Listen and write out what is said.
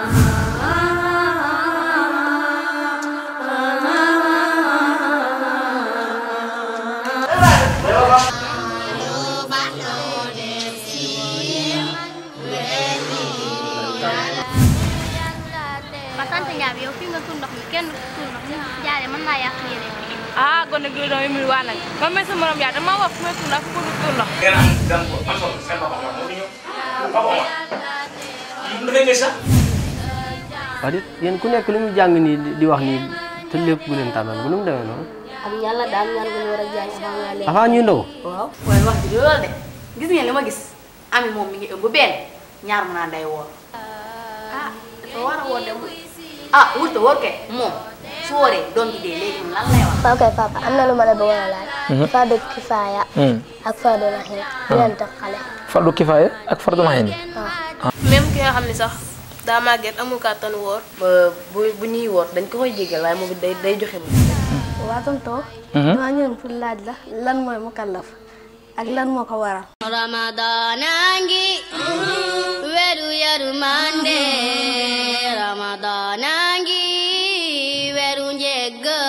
ah gone gi doon yëngu waa nañu man mii sama morom yaa dama wax fu may tuur ndox fu mu tuur ndox. ngeen am gàllankoor man soxla seen boppam la moo fi ñëw. boppam la. lu mu demee sax. wax it ku nekk lu mu jàng nii di wax nii te lépp bu leen tànnal mu demee noonu. am ñaan la daal ñaan nga war a jaay de gis ngeen li ma mu naan day woor ah dafa war a ah, moom su wooree doom ji dee léegi lan lay wax. ok papa mhm. hmm. hmm. kifaaya. ak fardu naxin. naxin. waaw. Ah. même ki xam ne sax. daa màgget amul kàttan woor. bu bu ñuy woor dañ ko koy jégal waaye moom day day joxe mu. waa tonton. Mhm. dama ñëw laaj la lan mooy mukallaf ak lan moo ko waral. Ramadan a ngi. weeru yërmande Ramadan weeru njëggal